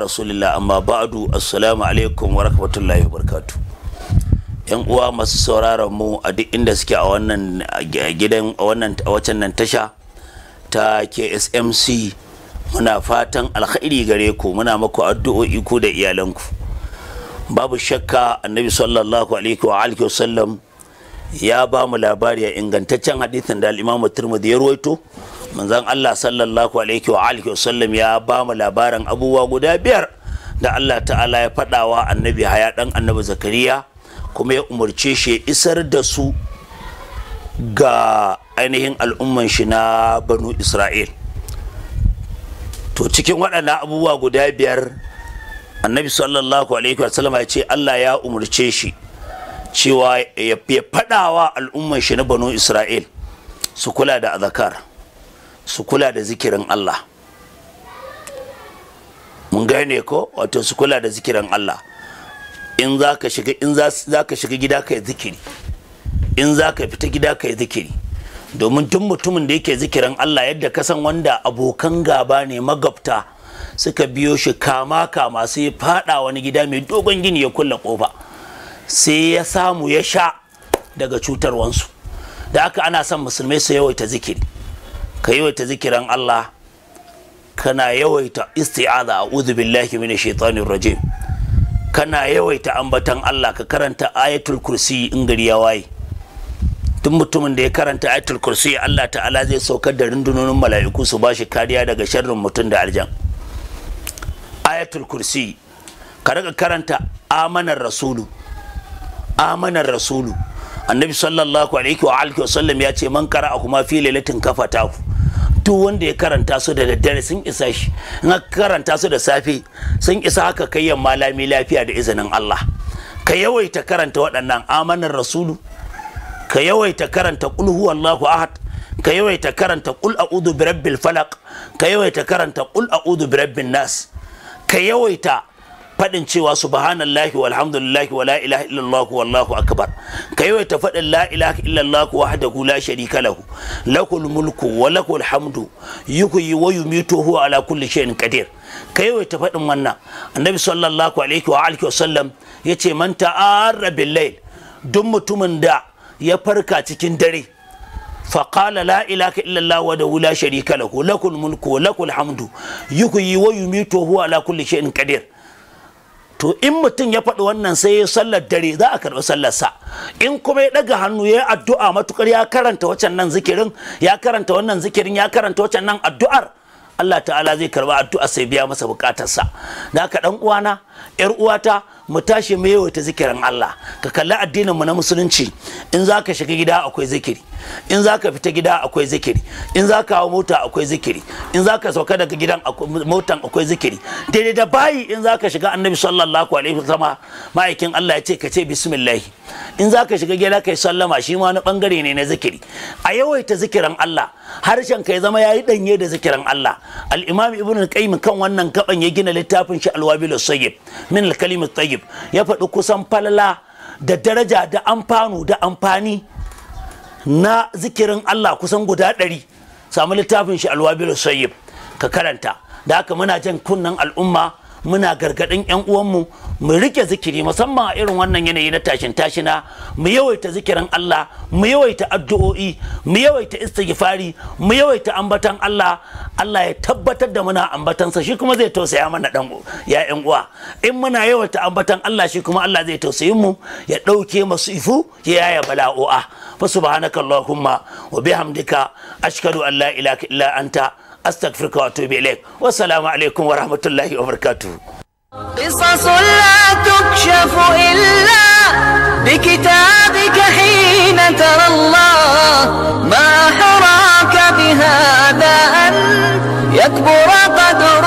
rasulillah amma ba'du assalamu alaikum wa rahmatullahi wa yan uwa masu sauraron mu a duk inda suke a wannan gidan a wannan a wacan nan tasha ta KSMC muna fatan alkhairi gare ku muna maku addu'o'i ku da iyalanku babu shakka annabi sallallahu alaihi wa alihi wasallam ya ba mu labari a ingantaccen hadisin da al-Imam Tirmidhi ya ruwaito manzon Allah sallallahu alaihi wa alihi wasallam ya ba mu labarin abubuwa guda biyar da Allah ta'ala ya faɗawa annabi haya ɗan annabi zakariya kuma ya umarce shi isar da su ga ainihin al'umman shi na banu isra'il to cikin waɗannan abubuwa guda biyar annabi sallallahu alaihi wasallam ya ce Allah ya umarce shi cewa ya faɗawa al'umman shi na banu isra'il su kula da azakar su kula da zikirin Allah mun gane ko wato su kula da zikirin Allah in za ka shiga in za ka shiga gida ka yi zikiri in za ka fita gida ka yi zikiri domin tun mutumin da yake zikirin Allah yadda ka san wanda abokan gaba ne magabta suka biyo shi kama kama sai ya fada wani gida mai dogon gini ya kulla kofa sai ya samu ya sha daga cutarwansu da haka ana son musulmai su yawaita zikiri ka yawaita zikiran Allah kana yawaita isti'aza a'udhu billahi minash shaitanir rajim kana yawaita ambatan Allah ka karanta ayatul kursi in gari ya waye tun mutumin da ya karanta ayatul kursi Allah ta'ala zai saukar da rundunonin mala'iku su bashi kariya daga sharrin mutum da aljan ayatul kursi ka rika karanta amanar rasulu amanar rasulu annabi sallallahu alaihi wa alihi sallam ya ce man qara'ahu kuma fi lailatin kafatahu duk wanda ya karanta su da daddare sun isa shi in karanta su da safe sun isa haka kai yamma lami lafiya da izinin Allah ka yawaita karanta waɗannan amanar rasulu ka yawaita karanta qul huwallahu ahad ka yawaita karanta qul a'udhu birabbil falaq ka yawaita karanta qul a'udhu birabbin nas ka yawaita faɗin cewa subhanallahi walhamdulillahi wa la ilaha illallah wallahu akbar ka yi yawaita faɗin la ilaha illallah wahdahu la sharika lahu lakul mulku wa lakul hamdu yuhyi wa yumitu huwa ala kulli shay'in qadir ka yi yawaita faɗin wannan annabi sallallahu alaihi wa alihi wa sallam yace man ta'arra bil layl duk mutumin da ya farka cikin dare فقال لا إله إلا الله وحده لا شريك له له الملك وله الحمد يحيي ويميت وهو على كل شيء قدير to in mutum ya faɗi wannan sai ya sallar dare za a karɓi sallarsa in kuma ya ɗaga hannu ya yi addu'a matuƙar, ya karanta waccan nan zikirin ya karanta wannan zikirin ya karanta waccan nan addu'ar Allah ta'ala zai karɓi addu'a sai biya masa buƙatarsa. da haka ɗan uwana 'yar uwata mu tashi mu yawaita zikirin Allah ka kalli addinin mu na musulunci in zaka shiga gida akwai zikiri in zaka fita gida akwai zikiri in zaka hawo mota akwai zikiri in zaka sauka daga gidan motan akwai zikiri daidai da bayi in zaka shiga annabi sallallahu alaihi wasallam ma'aikin Allah ya ce ka ce bismillah in zaka shiga gida kai sallama shi ma wani bangare ne na zikiri a yawaita zikirin Allah harshen ka ya zama yayi danye da zikirin Allah al-imam ibnu qayyim kan wannan gaban ya gina littafin shi al-wabil sayyib min al kalimat tayyib ya faɗi kusan falala da daraja da amfanu da amfani na zikirin Allah kusan guda ɗari samu littafin shi alwabilu sayyib ka karanta da haka muna jan kunnen al'umma muna gargaɗin 'yan uwanmu mu rike zikiri musamman a irin wannan yanayi na tashin tashina mu yawaita zikirin Allah mu yawaita addu'o'i mu yawaita istighfari mu yawaita ambatan Allah Allah ya tabbatar da muna ambatansa shi kuma zai tausaya mana dan ya 'yan uwa in muna yawaita ambatan Allah shi kuma Allah zai tausayi mu ya ɗauke masu ifu ya yaya bala'o'a fa subhanakallahumma wa bihamdika Hamdika, an la ilaha illa anta أستغفرك وأتوب إليك والسلام عليكم ورحمة الله وبركاته قصص لا تكشف إلا بكتابك حين ترى الله ما حراك بهذا أن يكبر قدرك